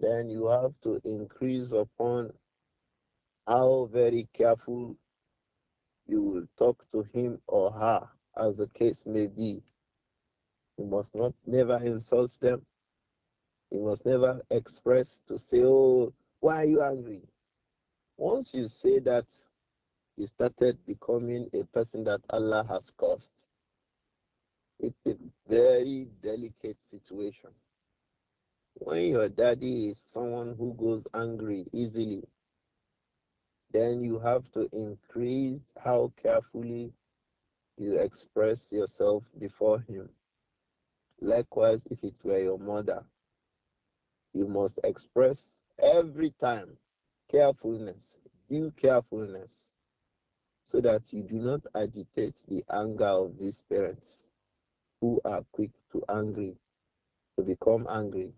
then you have to increase upon how very careful you will talk to him or her, as the case may be. You must not never insult them. You must never express to say, Oh, why are you angry? Once you say that, you started becoming a person that Allah has caused. It's a very delicate situation. When your daddy is someone who goes angry easily, then you have to increase how carefully you express yourself before him. Likewise, if it were your mother, you must express every time carefulness, due carefulness, so that you do not agitate the anger of these parents who are quick to angry, to become angry.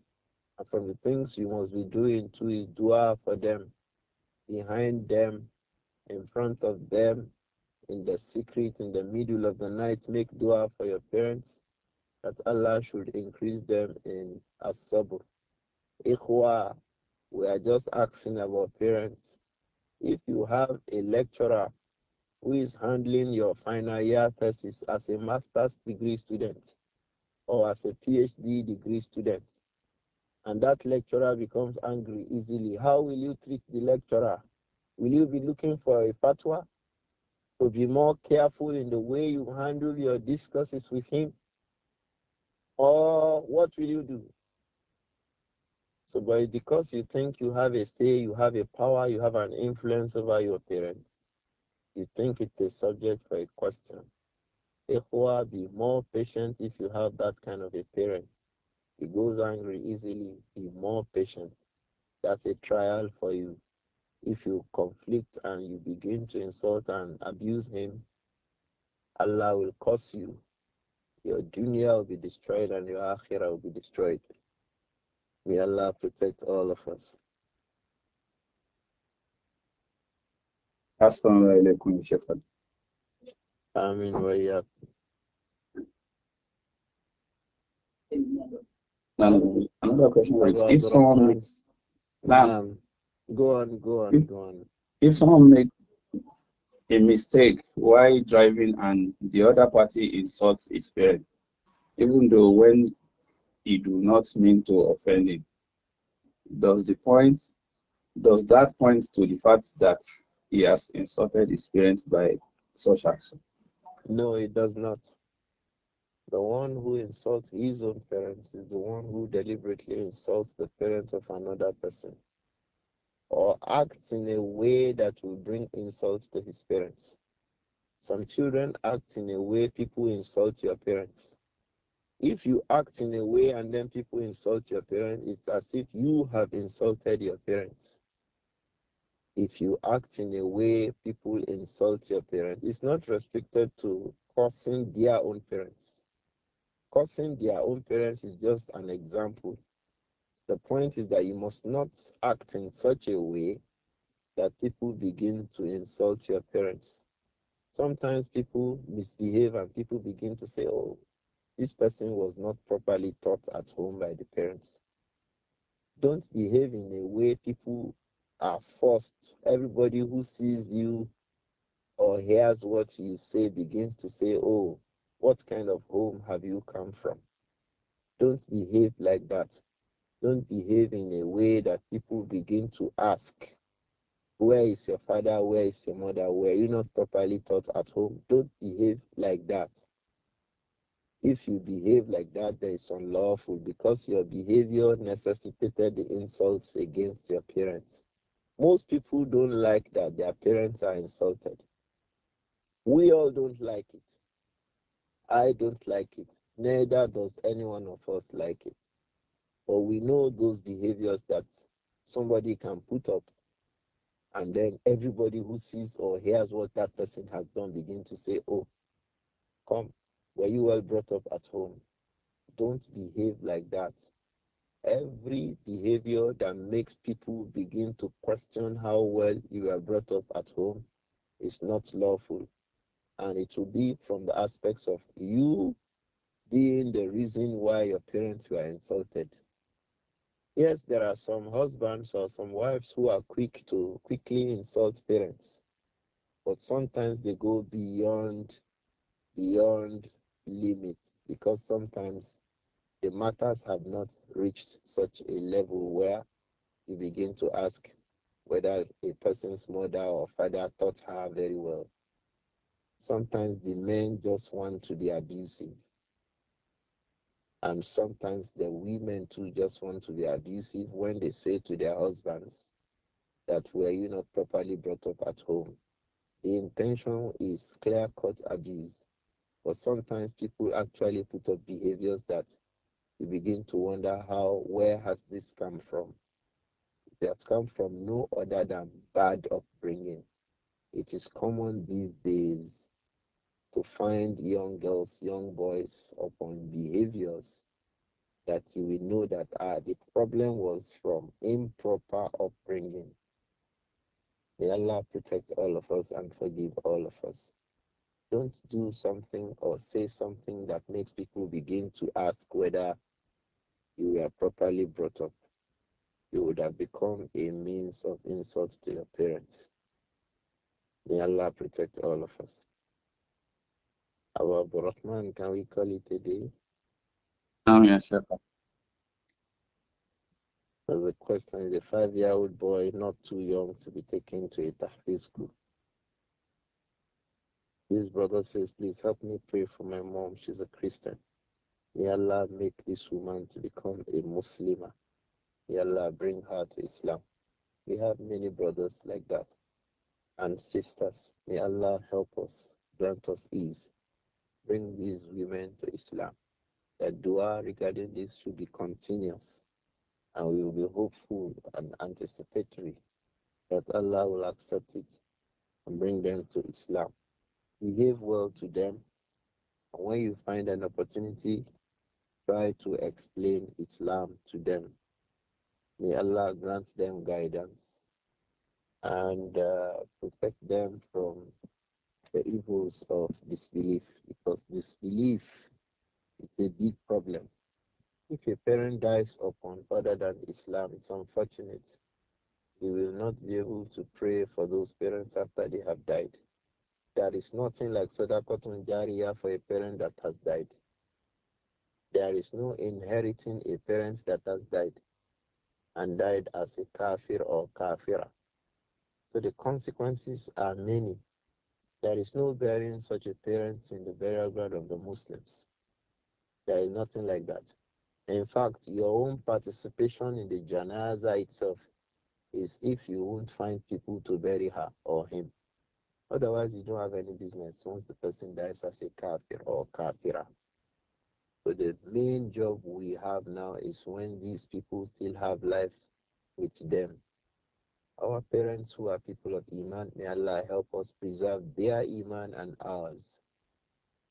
And from the things you must be doing to is dua for them, behind them, in front of them, in the secret, in the middle of the night, make dua for your parents that Allah should increase them in as sabu Ikhwa, we are just asking about parents. If you have a lecturer who is handling your final year thesis as a master's degree student or as a PhD degree student, and that lecturer becomes angry easily, how will you treat the lecturer? Will you be looking for a fatwa? To be more careful in the way you handle your discussions with him? Or what will you do? So, but because you think you have a say, you have a power, you have an influence over your parents, you think it is subject for a question. Ikhwa, be more patient if you have that kind of a parent. He goes angry easily, be more patient. That's a trial for you. If you conflict and you begin to insult and abuse him, Allah will curse you. Your dunya will be destroyed and your akhirah will be destroyed. May Allah protect all of us. Assalamu alaikum, Shafan. Amin wa iyaq. Another question is if someone makes. go on, go on, go on. If someone makes a mistake while driving and the other party insults his parent, even though when he do not mean to offend him. Does the point does that point to the fact that he has insulted his parents by such action? No, it does not. The one who insults his own parents is the one who deliberately insults the parents of another person or acts in a way that will bring insult to his parents. Some children act in a way people insult your parents. If you act in a way and then people insult your parents, it's as if you have insulted your parents. If you act in a way people insult your parents, it's not restricted to cursing their own parents. Cursing their own parents is just an example the point is that you must not act in such a way that people begin to insult your parents. Sometimes people misbehave and people begin to say, oh, this person was not properly taught at home by the parents. Don't behave in a way people are forced. Everybody who sees you or hears what you say begins to say, oh, what kind of home have you come from? Don't behave like that. Don't behave in a way that people begin to ask, Where is your father? Where is your mother? Were you not properly taught at home? Don't behave like that. If you behave like that, that is unlawful because your behavior necessitated the insults against your parents. Most people don't like that their parents are insulted. We all don't like it. I don't like it. Neither does any one of us like it. But we know those behaviors that somebody can put up and then everybody who sees or hears what that person has done begin to say, Oh, come, were you well brought up at home? Don't behave like that. Every behavior that makes people begin to question how well you were brought up at home is not lawful. And it will be from the aspects of you being the reason why your parents were insulted Yes, there are some husbands or some wives who are quick to quickly insult parents, but sometimes they go beyond beyond limits because sometimes the matters have not reached such a level where you begin to ask whether a person's mother or father taught her very well. Sometimes the men just want to be abusive. And sometimes the women too just want to be abusive when they say to their husbands that were you not properly brought up at home. The intention is clear cut abuse. But sometimes people actually put up behaviors that you begin to wonder how, where has this come from? It has come from no other than bad upbringing. It is common these days to find young girls, young boys upon behaviors that you will know that ah, the problem was from improper upbringing. May Allah protect all of us and forgive all of us. Don't do something or say something that makes people begin to ask whether you were properly brought up. You would have become a means of insult to your parents. May Allah protect all of us. Abu Abdurrahman, can we call it a day? Um, yes, sir. So the question is a five year old boy not too young to be taken to a tahfiz school. His brother says, Please help me pray for my mom. She's a Christian. May Allah make this woman to become a Muslimah. May Allah bring her to Islam. We have many brothers like that and sisters. May Allah help us, grant us ease bring these women to Islam. The dua regarding this should be continuous and we will be hopeful and anticipatory that Allah will accept it and bring them to Islam. Behave well to them. And when you find an opportunity, try to explain Islam to them. May Allah grant them guidance and uh, protect them from the evils of disbelief because disbelief is a big problem. If a parent dies upon other than Islam, it's unfortunate. We will not be able to pray for those parents after they have died. There is nothing like Sadaqatun Jariyah for a parent that has died. There is no inheriting a parent that has died and died as a kafir or kafira. So the consequences are many there is no burying such a parent in the burial ground of the Muslims. There is nothing like that. In fact, your own participation in the janaza itself is if you won't find people to bury her or him. Otherwise, you don't have any business once the person dies as a kafir or kafira. So the main job we have now is when these people still have life with them our parents who are people of Iman, may Allah help us preserve their Iman and ours.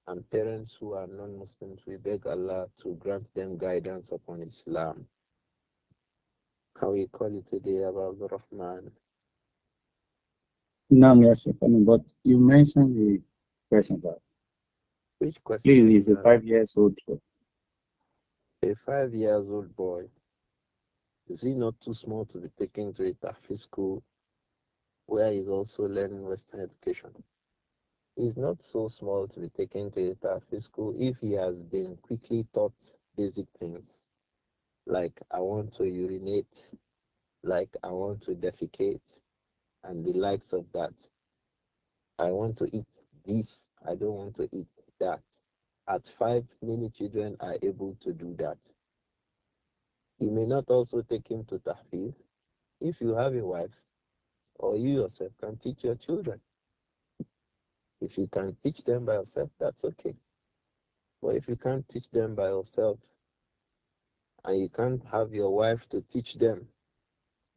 And parents who are non Muslims, we beg Allah to grant them guidance upon Islam. How we call it today about the Rahman? No, yes, but you mentioned the question, sir. Which question? Please, is a five years old. A five years old boy is he not too small to be taken to a Tafis school where he's also learning Western education? He's not so small to be taken to a Tafis school if he has been quickly taught basic things like I want to urinate, like I want to defecate, and the likes of that. I want to eat this, I don't want to eat that. At five, many children are able to do that. You may not also take him to tahfidh if you have a wife or you yourself can teach your children. If you can teach them by yourself, that's okay. But if you can't teach them by yourself and you can't have your wife to teach them,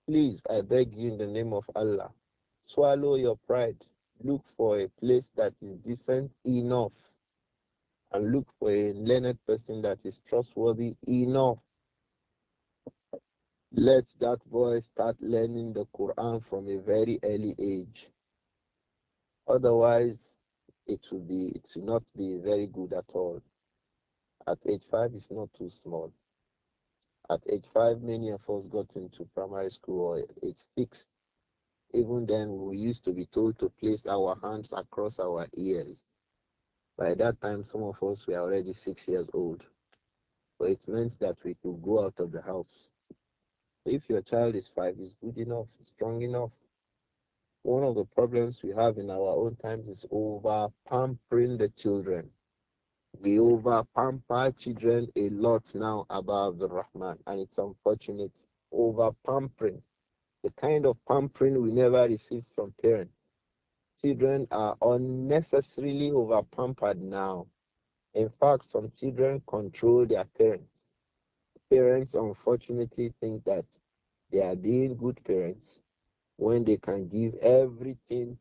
please, I beg you in the name of Allah, swallow your pride. Look for a place that is decent enough and look for a learned person that is trustworthy enough let that boy start learning the Quran from a very early age. Otherwise, it will be it will not be very good at all. At age five, it's not too small. At age five, many of us got into primary school or age six. Even then, we used to be told to place our hands across our ears. By that time, some of us were already six years old. But it meant that we could go out of the house. If your child is five, is good enough, strong enough. One of the problems we have in our own times is over pampering the children. We over pamper children a lot now above the Rahman, and it's unfortunate. Over pampering, the kind of pampering we never received from parents. Children are unnecessarily over pampered now. In fact, some children control their parents. Parents, unfortunately, think that they are being good parents when they can give everything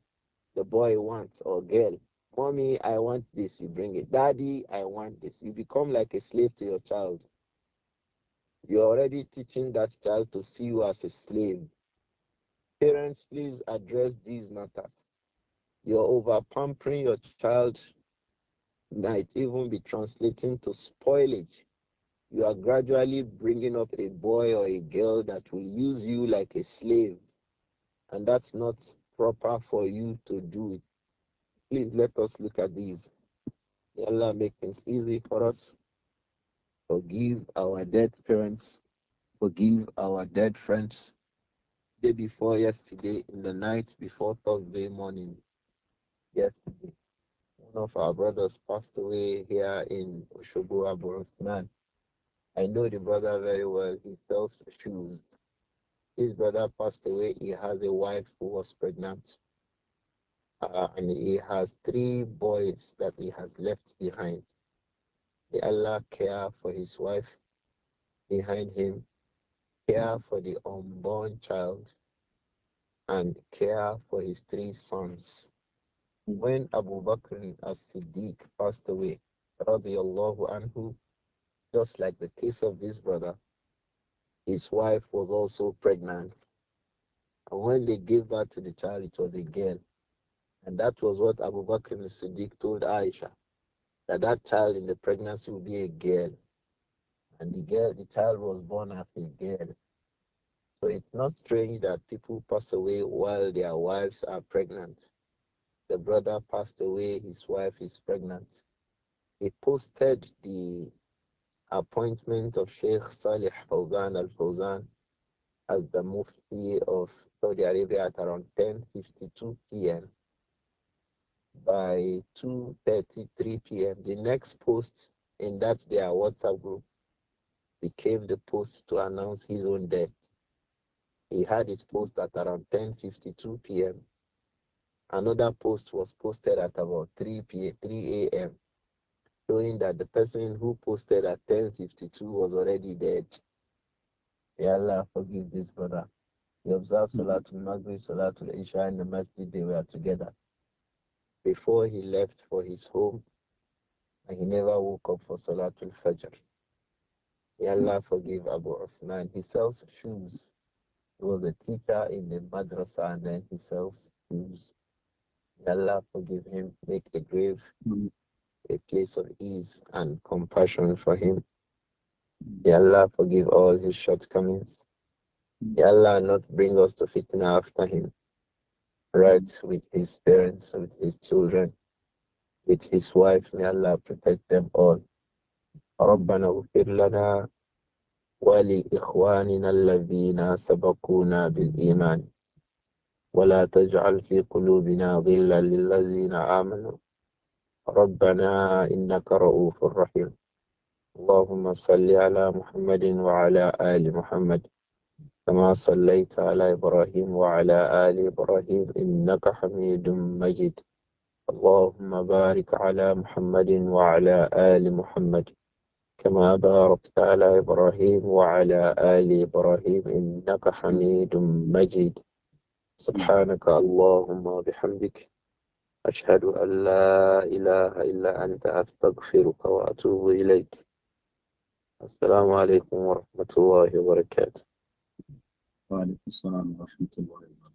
the boy wants or girl. Mommy, I want this, you bring it. Daddy, I want this. You become like a slave to your child. You're already teaching that child to see you as a slave. Parents, please address these matters. You're over pampering your child might even be translating to spoilage you are gradually bringing up a boy or a girl that will use you like a slave. And that's not proper for you to do. it. Please let us look at these. May Allah make things easy for us. Forgive our dead parents. Forgive our dead friends. Day before yesterday, in the night before Thursday morning, yesterday, one of our brothers passed away here in Oshobo Abu I know the brother very well. He sells shoes. His brother passed away. He has a wife who was pregnant. Uh, and he has three boys that he has left behind. May Allah care for his wife behind him, care for the unborn child, and care for his three sons. When Abu Bakr as-Siddiq passed away, radiallahu anhu, just like the case of this brother, his wife was also pregnant. And when they gave birth to the child, it was a girl. And that was what Abu Bakr al Siddiq told Aisha that that child in the pregnancy will be a girl. And the girl, the child was born as a girl. So it's not strange that people pass away while their wives are pregnant. The brother passed away, his wife is pregnant. He posted the appointment of Sheikh Salih Fawzan Al Fawzan as the Mufti of Saudi Arabia at around 10:52 p.m. By 2:33 p.m., the next post in that their WhatsApp group became the post to announce his own death. He had his post at around 10:52 p.m. Another post was posted at about 3 p.m. 3 a.m showing that the person who posted at 10:52 was already dead. May Allah forgive this brother. He observed mm-hmm. Salatul Maghrib, Salatul Isha, and the Masjid. They were together before he left for his home, and he never woke up for Salatul Fajr. May Allah mm-hmm. forgive Abu Uthman. He sells shoes. He was a teacher in the madrasa, and then he sells shoes. May Allah forgive him, make a grave mm-hmm a place of ease and compassion for him. May Allah forgive all his shortcomings. May Allah not bring us to fitna after him. Right with his parents, with his children, with his wife. May Allah protect them all. ربنا اغفر لنا ولإخواننا الذين سبقونا بالإيمان ولا تجعل في قلوبنا غلا للذين آمنوا ربنا إنك رؤوف رحيم اللهم صل على محمد وعلى آل محمد كما صليت على إبراهيم وعلى آل إبراهيم إنك حميد مجيد اللهم بارك على محمد وعلى آل محمد كما باركت على إبراهيم وعلى آل إبراهيم إنك حميد مجيد سبحانك اللهم بحمدك أشهد أن لا إله إلا أنت أستغفرك وأتوب إليك السلام عليكم ورحمة الله وبركاته وعليكم السلام ورحمة الله وبركاته